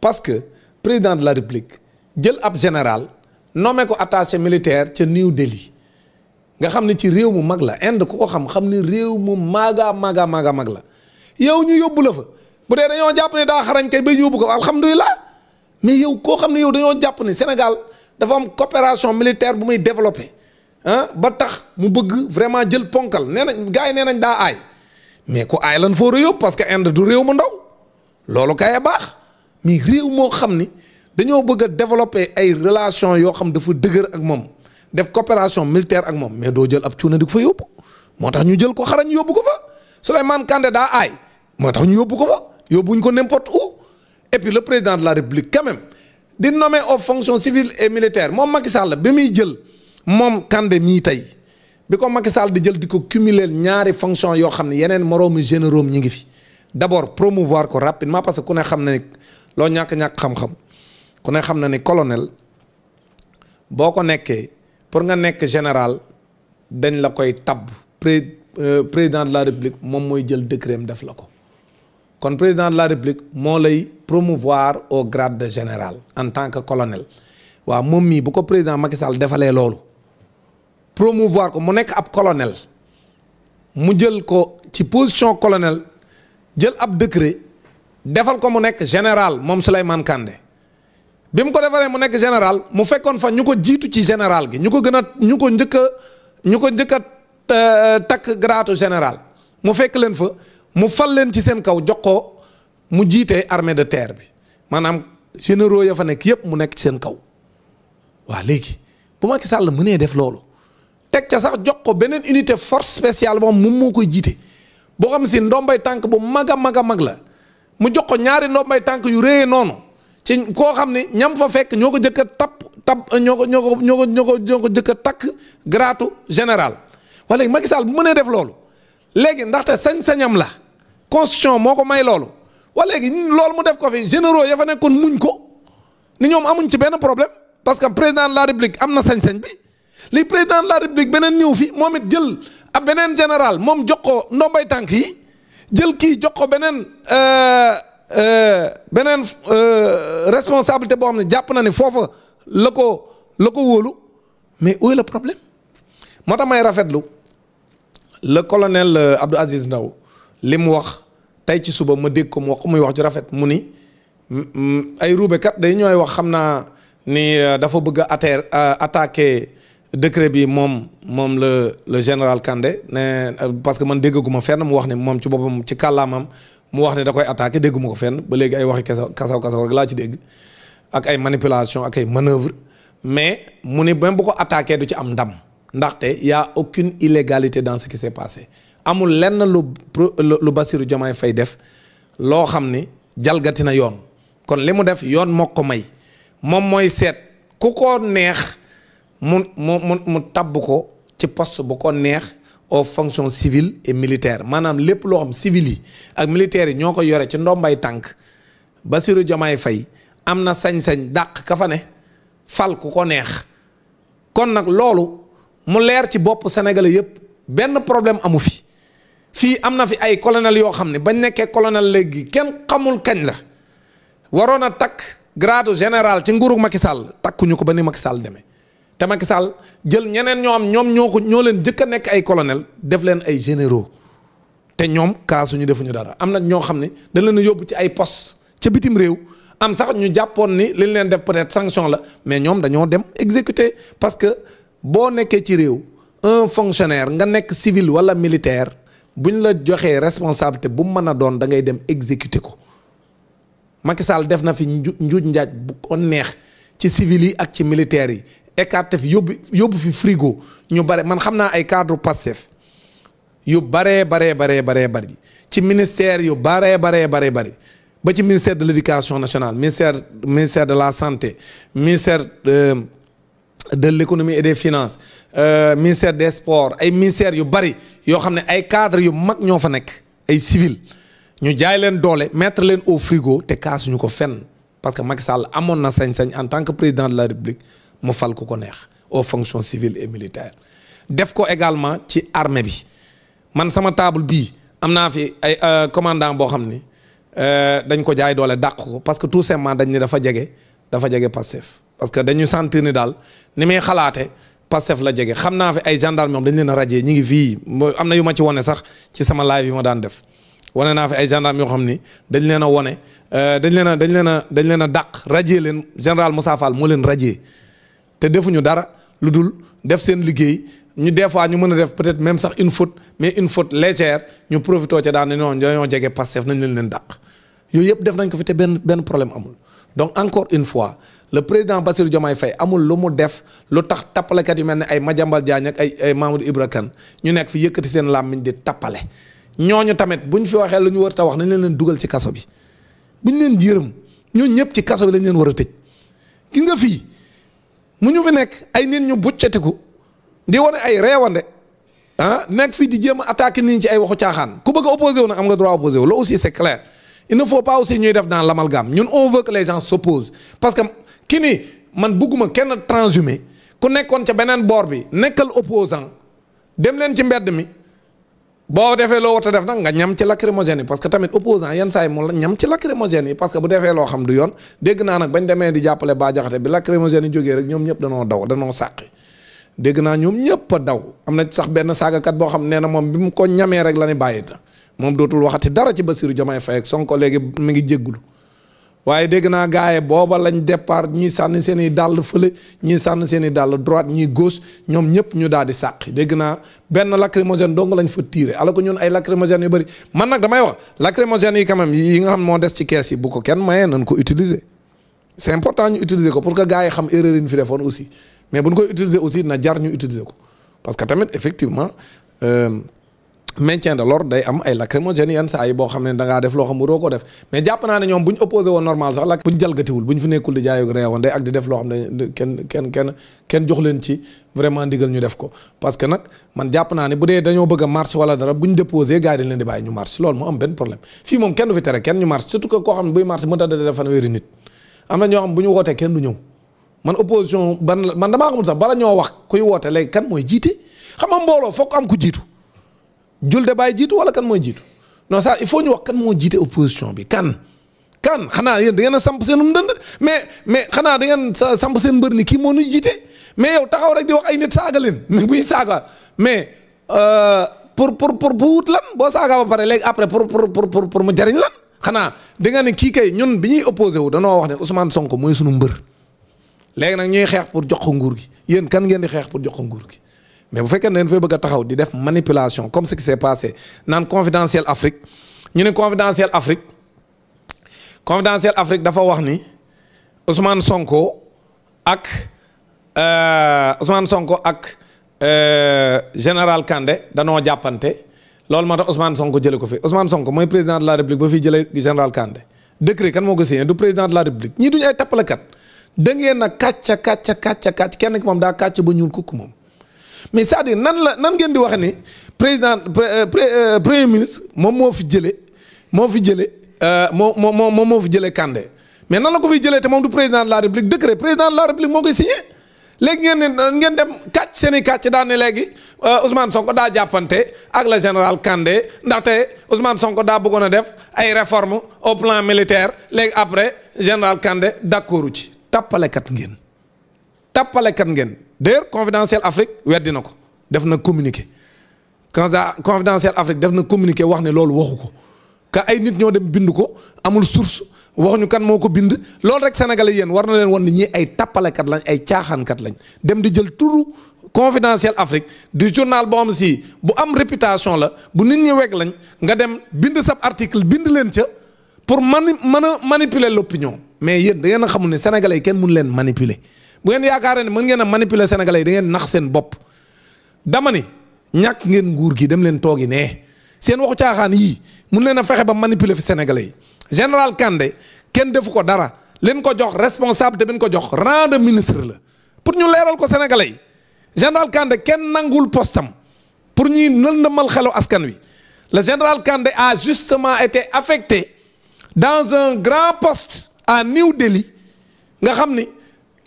parce que président de la république jël ab général nommé ko attaché militaire ca New déli nga xam ne ci réew mu mag la Inde ku ko xam xam ne réew mu maaga maaga mag la yow ñu yóbbu la fa bu dee dañoo jàpp ne daa xarañ kay ba yóbbu ko alhamdulilah mais yow koo xam ne yow dañoo jàpp ne Sénégal dafa am coopération militaire bu muy développé ah ba tax mu bëgg vraiment jël ponkal nee nañ gars yi nee nañ daa aay mais ku aay lan foo réew parce que Inde du réew mu ndaw loolu kay baax. mais réew moo xam ni dañoo bëgg a développer ay relation yoo xam dafa dëgër ak moom def coopération militaire ak moom mais doo jël ab cuuna di ko fa yóbbu moo tax ñu jël ko xarañ yóbbu ko fa man Kandé daa aay moo tax ñu yóbbu ko fa yóbbuñ ko n'importe où et puis le président de la république quand même di nommé aux fonctions civiles et militaire moom Macky Sall bi muy jël moom kande mii tey bi ko Macky Sall di jël di ko cumuler ñaari fonction yoo xam ne yeneen moroomu généraux ñi ngi fi d'abord promouvoir ko rapidement parce que ku xam ne loo ñàkk-ñàkk xam-xam ku ne xam na ni colonel boo ko nekkee pour nga nekk général dañ la koy tabb pré euh, président de la république moom mooy jël décret def la ko kon président de la république moo lay promouvoir au grade de général en tant que colonel waaw moom mii bu ko président Macky defalee loolu promouvoir ko mu nekk ab colonel mu jël ko ci position colonel jël ab décret defal ko mu nekk général moom Souleymane Kandé bi mu ko defaree mu nekk général mu fekkoon fa ñu ko jiitu ci général gi ñu ko gën a ñu ko njëkk a ñu ko njëkk a euh, takk gratu général mu fekk leen fa mu fal leen ci seen kaw jox ko mu jiite armée de terre bi maanaam généraux ya fa nekk yépp mu nekk ci seen kaw waa léegi bu Macky Sall mënee def loolu teg ca sax jox ko beneen unité force spéciale moom moom moo koy jiite boo xam si ndombay tànk bu mag a mag a mag la mu jox ko ñaari ndombay tànk yu réyee noonu ci koo xam ne ñam fa fekk ñoo ko jëkk a tapp tapp ko ñoo ko ñoo ko ñoo ko ko jëkk takk gratu général wala léegi Macky Sall bu mënee def loolu léegi ndaxte sañ-sañam la constitution moo ko may loolu wala léegi loolu mu def ko fi généraux ya fa nekkoon muñ ko ni ñoom amuñ ci benn problème parce que président la république am na sañ-sañ bi li président la république beneen ñëw fi moom it jël a beneen général moom jox ko ndombay tànk yi jël kii jox ko beneen euh, euh, beneen euh, responsabilité boo xam ne jàpp na ne foofa la ko la ko wóolu mais où est problème moo tax may rafetlu le colonel Abdou Aziz Ndaw li mu wax tey ci suba ma dégg ko mu wax muy wax ci rafet mu ni ay ruubekat day ñooy wax xam naa ni dafa bëgg a attaquer décret bi moom moom la le général kande ne parce que man déggaguma fenn mu wax ne moom ci boppam ci kàllaamam mu wax ne da koy attaqué dégguma ko fenn ba léegi ay waxi kasaw kasaw kasaw rek laa ci dégg ak ay manipulation ak ay manœuvre mais mu ni même bu ko attaqué du ci am ndam ndaxte yaa a aucune illégalité dans ce qui s'est passé amul lenn lu lu Bassirou Diomaye fay def loo xam ni jalgati na yoon kon li mu def yoon moo ko may moom mooy seet ku ko neex mu mu mu mu tabb ko ci post bu ko neex aux fonctions civiles et militaires maanaam lépp loo xam civil yi ak militaires yi ñoo ko yore ci ndombay tànk Bassirou Diomaye fay am na sañ-sañ dàq ka fa ne fal ku ko neex kon nag loolu mu leer ci bopp sénégalais yépp benn problème amu fi fii am na fi ay colonel yoo xam ne bañ nekkee colonel léegi kenn xamul kañ la waroon a takk grade général ci nguuru Macky Sall takkuñu ko ba ni Macky Sall deme te Macky Sall jël ñeneen ñoo am ñoom ñoo ko ñoo leen jëkk a nekk ay colonel def leen ay généraux te ñoom kaasuñu defuñu dara am na ñoo xam ne dañ leen a yóbbu ci ay post ca bitim réew am sax ñu jàppoon ni li leen def peut-être sanction la mais ñoom dañoo dem exécuter parce que boo nekkee ci réew un fonctionnaire nga nekk civil walla militaire bu ñu la joxee responsabilité bu mën a doon dangay dem exécuter ko Macky def na fi nju njuuj njaaj bu ko neex ci civil yi ak ci militaire yi écarté fi yóbbu yóbbu fi frigo ñu bare man xam naa ay cadre Pastef yu baree baree baree baree bari ci ministère yu baree baree baree bari ba ci ministère de l'éducation nationale ministère ministère de la santé ministère euh, de l'économie et des finances euh, ministère des sports ay ministères yu bari yoo xam ne ay cadres yu mag ñoo fa nekk ay civil ñu jaay leen doole mettre leen au frigo te kaasuñu ko fenn parce que Macky Sall amoon na sañ-sañ en tant que président de la République mu fal ku ko neex au fonctions civiles et militaires def ko également ci armée bi man sama table bii am naa fi ay euh, commandant boo xam ni euh, dañ ko jaay doole dàq parce que tout simplement dañ ni dafa jege dafa jege Pastef parce que dañu sentir ni daal ni muy xalaate Pastef la jege xam naa fi ay gendarme moom leen a rajee ñi ngi fii am na yu ma ci wone sax ci sama live yi ma daan def wane naa fi ay gendarme yoo xam ni dañ leen a wone euh, dañ leen a dañ leen a dañ leen a dàq rajee leen général Moussa Fall moo leen rajee te defuñu dara lu dul def seen liggéey ñu des fois ñu mën a def peut-être même sax une faute mais une faute légère ñu profitoo ca daan ñoo dañoo jege Pastef nañ leen leen dàq yooyu yëpp def nañ ko fi te benn benn problème amul donc encore une fois le président Bassirou Diomaye Faye amul lu mu def lu tax tappalekat yu mel ni ay Madiambal Diagne ak ay ay Mamadou Ibra Kane ñu nekk fi yëkkati seen làmmiñ di tappale ñoo ñu tamit bu ñu fi waxee lu ñu war a wax nañ leen leen dugal ci kaso bi buñ leen yërëm ñooñu ñëpp ci kaso bi lañ leen war a tëj gis nga fii mu ñu fi nekk ay nit ñu buccetiku di wane ay reewande ah nekk fii di jéem a attaquer ci ay waxu caaxaan ku bëgg a opposé wu nag am nga droit opposé wu aussi c'est clair il faut pas aussi ñuy def dans l'amalgame ñun on veut que les gens parce que ki ni man bugguma kenn transhumé ku nekkoon ca beneen boor bi nekkal opposant dem leen ci mbedd mi boo defee loo wata def nag nga ñam ci lacrymogène yi parce que tamit opposant yenn saa yi mu la ñam ci lacrymogène yi parce que bu defee loo xam du yoon dégg naa nag bañ demee di jàppale Bah Diakhaté bi lacrymogène yi jógee rek ñoom ñëpp danoo daw danoo sàqi dégg naa ñoom ñëpp a daw am na sax benn saagakat boo xam nee na moom bi mu ko ñamee rek la ni bàyyita moom dootul waxati dara ci Bassirou Diomaye Faye ak Sonko léegi mi ngi jéggulu waaye dégg naa gaaye booba lañ départ ñii sànni seen i dàll fële ñii sànni seen i dàll droite ñii gos ñoom ñëpp ñu daal di sàq dégg naa benn lacrymogène dong lañ fa tiire alors que ñun ay lacrymogènes yu bari man nag damay wax lacrymogènes yi quand même yi nga xam moo des ci kees yi bu ko kenn mayee nañ ko utiliser c'est important ñu utiliser que gars yi xam erreur yi ñu fi defoon aussi mais buñ koy utiliser aussi na jar ñu ko parce que tamit effectivement. Euh, maintien de l'ordre day am ay lacrymogènes yenn saa yi boo xam ne da ngaa def loo xam waroo ko def mais jàpp naa ne ñoom bu ñu opposé woon normal sax la kenn leen ci vraiment ndigal ñu def parce que nag man jàpp naa ne bu dee dañoo bëgg a marche wala dara bu ñu déposé gars yi surtout que koo xam ne buy marche mënta def fanweeri nit am na ñoo xam bu ñu wootee kenn ñëw man opposition ban man damaa xamul sax bala ñoo wax kuy woote léegi kan mooy jiite xam nga mbooloo foog am ku jiitu jul de bàyyi jiitu wala kan mooy jiitu non ça il faut ñu wax kan moo jiite opposition bi kan. kan xanaa yéen da ngeen samp seen um mais mais xanaa da ngeen samp seen mbër ni kii moo ñu jiite mais yow taxaw rek di wax ay nit saaga leen mais buy saaga mais euh, pour pour pour bu wut lan boo saaga ba pare léegi après pour pour pour pour mu jariñ lan. xanaa da nga ne kii kay ñun bi ñuy opposé wu danoo wax ne Ousmane sonk mooy sunu mbër léegi nag ñuy xeex pour jox ko nguur gi yéen kan ngeen di xeex pour jox nguur gi. mais bu fekkee ne dañ fay bëgg a taxaw di def manipulation comme ce qui s' est naan confidentiel Afrique ñu ne confidentiel Afrique confidentiel Afrique dafa wax ni Ousmane Sonko ak euh, Ousmane Sonko ak euh, général Kandé danoo jàppante loolu moo tax Ousmane Sonko jëlee ko fi Ousmane Sonko mooy président de la République ba fi jëlee général Kandé décret kan moo ko signé président la République ñii duñu ay tappalekat da ngeen a kàcca kàcca kàcca kàcc kenn ki moom daa kàcc ba ñuul kukk moom. mais cest à nan la nan ngeen di wax ni président euh, euh, premier ministre moom moo fi jëlee moo fi jëlee euh, moo moo moo moo fi jëlee Kandé mais nan la ko fi jëlee te moom du président de la république décret président de la république moo koy signé léegi ngeen ne ngeen dem kàcc seen i kàcc daan ne léegi Ousmane Sonko daa jàppante ak le général kànde ndaxte Ousmane Sonko daa bëggoon a def ay réformes au plan militaire léegi après général Kandé d'accordu ci tappalekat ngeen tappalekat ngeen. d'ailleurs Confidentiel Afrique weddi na ko def na communiqué Canada Confidentiel Afrique def na communiqué wax ne loolu waxu ko ka ay nit ñoo dem bind ko amul source wax ñu kan moo ko bind loolu rek sénégalais yéen war na leen wan ni ñi ay tappalekat lañ ay caaxaankat lañ dem di jël tout Confidentiel Afrique di journal boo xam si bu am réputation la bu nit ñi weg lañ nga dem bind sab article bind leen ca pour mani mën a manipuler l'opinion mais yéen da ngeen xamul ne sénégalais kenn mënu leen manipuler. bu ngeen yaakaaree ne mën ngeen a manipuler sénégalais yi da ngeen nax seen bopp dama ni ñàkk ngeen nguur gi dem leen toogi nee seen waxu caaxaan yii mun leen a fexe ba manipuler fi sénégalais yi général Kandé kenn defu ko dara leen ko jox responsabilité bi ñu ko jox rang de ministre la pour ñu leeral ko sénégalais yi général kande kenn nangul postam pour ñuy nëndamal xelu askan wi le général kande a justement été affecté dans un grand poste à New Delhi nga xam ni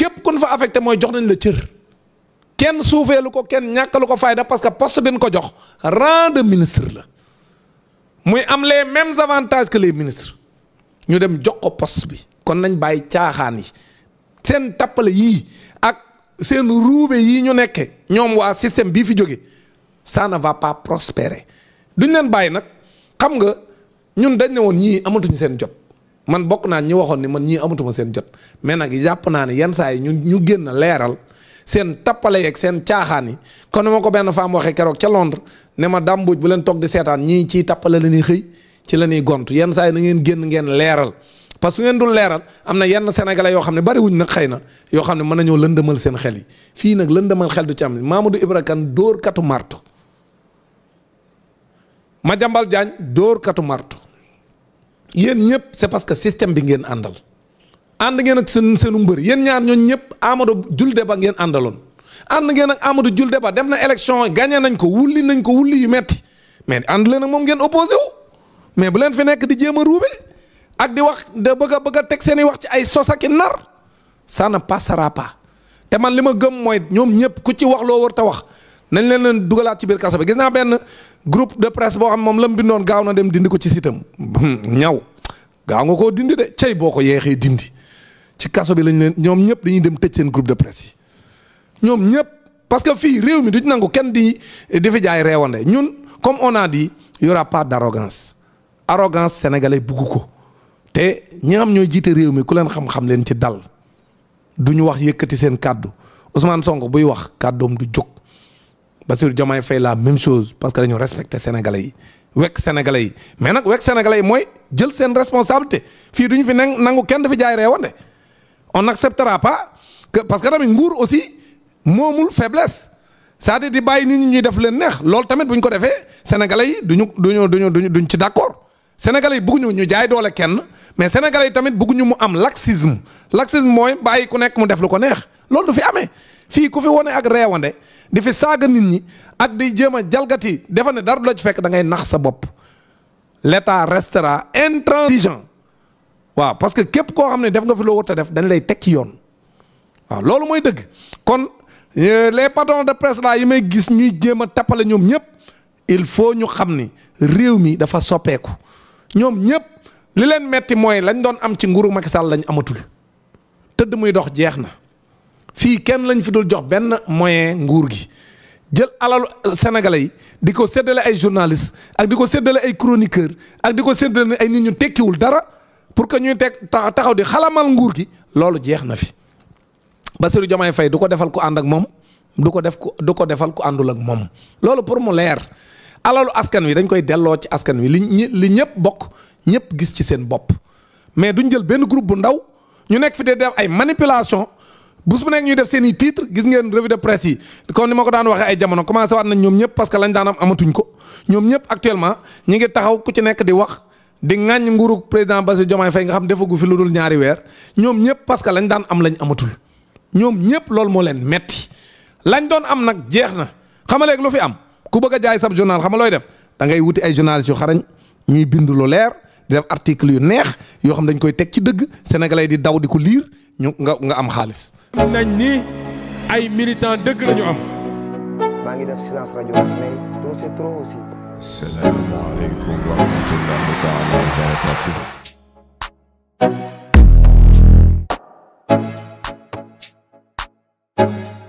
képp kun fa affecté mooy jox nañ la cër kenn suufeelu ko kenn ñàkkalu ko fayda parce que poste bi ko jox rang de ministre la muy am les mêmes avantages que les ministres ñu dem jox ko post bi kon nañ bàyyi caaxaan yi seen tappale yii ak seen ruube yii ñu nekke ñoom waa système bii fi jóge ça ne va pas prospérer duñ leen bàyyi nag xam nga ñun dañ ne woon ñii amatuñu seen jot man bokk naa ñu waxoon ni man ñii amatuma seen jot mais nag jàpp naa ne yenn saa yi ñu ñu génn leeral seen tappale yeeg seen caaxaan yi kon ma ko benn femme waxee keroog ca Londres ne ma dàmbuj bu leen toog di seetaan ñii ciy tappale la ñuy xëy ci la ñuy gont yenn saa yi na ngeen génn ngeen leeral parce que su ngeen dul leeral am na yenn sénégalais yoo xam ne bari wuñ nag xëy na yoo xam ne mën nañoo lëndëmal seen xel yi fii nag lëndëmal xel du ci am Mamadou Ibra Kane dóor katu marto Madiambal Diagne dóor katu marto yéen ñëpp c'est parce que système bi ngeen àndal ànd ngeen ak seen seenu mbër yéen ñaar ñooñ ñëpp amato Diouldé Ba ngeen àndaloon ànd ngeen ak amato Diouldé Ba dem na élection gagné nañ ko wulli nañ ko wulli yu metti mais ànd leen ak moom ngeen opposé wu mais bu leen fi nekk di jéem a ruube ak di wax da bëgg a bëgg a teg seen wax ci ay sos ak i nar ça ne passera pas te man li ma gëm mooy ñoom ñëpp ku ci wax loo war ta wax nañu leen leen dugalaat ci biir kaso bi gis naa benn groupe de presse boo xam moom la mu bindoon gaaw na dem dindi ko ci sitam ñaw gaaw nga koo dindi de cey boo ko yeexee dindi ci kaso bi lañ leen ñoom ñëpp dañuy dem tëj seen groupe de presse yi ñoom ñëpp parce que fii réew mi duñ nangu kenn di di fi jaay reewande ñun comme on a dit y aura pas d'arrogance arrogance sénégalais bugg ko te ñi xam ñooy jiite réew mi ku leen xam-xam leen ci dal duñu wax yëkkati seen kàddu Ousmane buy wax kàddoom du jóg Bassirou Diomaye Faye la même chose parce que dañoo respecté sénégalais yi wekk sénégalais yi mais nag wekk sénégalais yi mooy jël seen responsabilité fii du ñu fi nangu kenn dafi jaay reewande on n'acceptera pas que parce que tamit nguur aussi moomul faiblesse cest di bàyyi nit ñi ñuy def leen neex loolu tamit bu ñu ko defee sénégalais yi duñu ñu duñu duñ ci d'accord sénégalais yi bëgguñu ñu jaay doole kenn mais sénégalais yi tamit bëgguñu mu am laxisme laxisme mooy bàyyi ku nekk mu def lu ko neex loolu du fi amee fii ku fi wone ak reewande di fi saaga nit ñi ak di jéem a jalgati defa ne dara du la ci fekk dangay nax sa bopp l'État restera intransigeant waaw parce que képp koo xam ne def nga fi loo wut def dañ lay teg ci yoon waaw loolu mooy dëgg kon euh, les patrons de presse là yi may gis ñuy jéem a tappale ñoom ñëpp il faut ñu xam ni réew mi dafa soppeeku ñoom ñëpp li leen metti mooy lañ doon am ci nguuru Macky Sall lañ amatul tëdd muy dox jeex na fii kenn lañ fi dul jox benn moyen nguur gi jël alalu sénégalais yi di ko séddale ay journalistes ak di ko séddale ay chroniqueurs ak di ko séddale ay nit ñu tekkiwul dara pour que ñuy teg taxaw di xalamal nguur gi loolu jeex na fi. Bassirou Diomaye fay du ko defal ku ànd ak moom du ko def ku du ko defal ku àndul ak moom loolu pour mu leer alalu askan wi dañ koy delloo ci askan wi li li ñëpp bokk ñëpp gis ci seen bopp mais duñ jël benn groupe bu ndaw ñu nekk fi di def ay manipulation bus bu nekk ñuy def seen i titre gis ngeen revue de presse yi kon ni ma ko daan waxe ay jamono commencé waat nañ ñoom ñëpp parce que lañ daan am amatuñ ko ñoom ñëpp actuellement ñi ngi taxaw ku ci nekk di wax di ŋàññ nguuru président Bassirou Diomaye Faye nga xam defagu fi lu dul ñaari weer ñoom ñëpp parce que lañ daan am lañ amatul ñoom ñëpp loolu moo leen metti lañ doon am nag jeex na xama léegi lu fi am ku bëgg a jaay sab journal xama looy def dangay ngay wuti ay journalistes yu xarañ ñuy bind lu leer article yu neex yoo xam dañ koy teg ci dëgg sénégalais di daw di ko lire ñu nga nga am xaalis. nañ ni ay militant dëgg la ñu am. maa ngi def silence rajo mais trop c'est trop aussi. salaamaaleykum wa rahmatullaahi taala wa barakaatuh.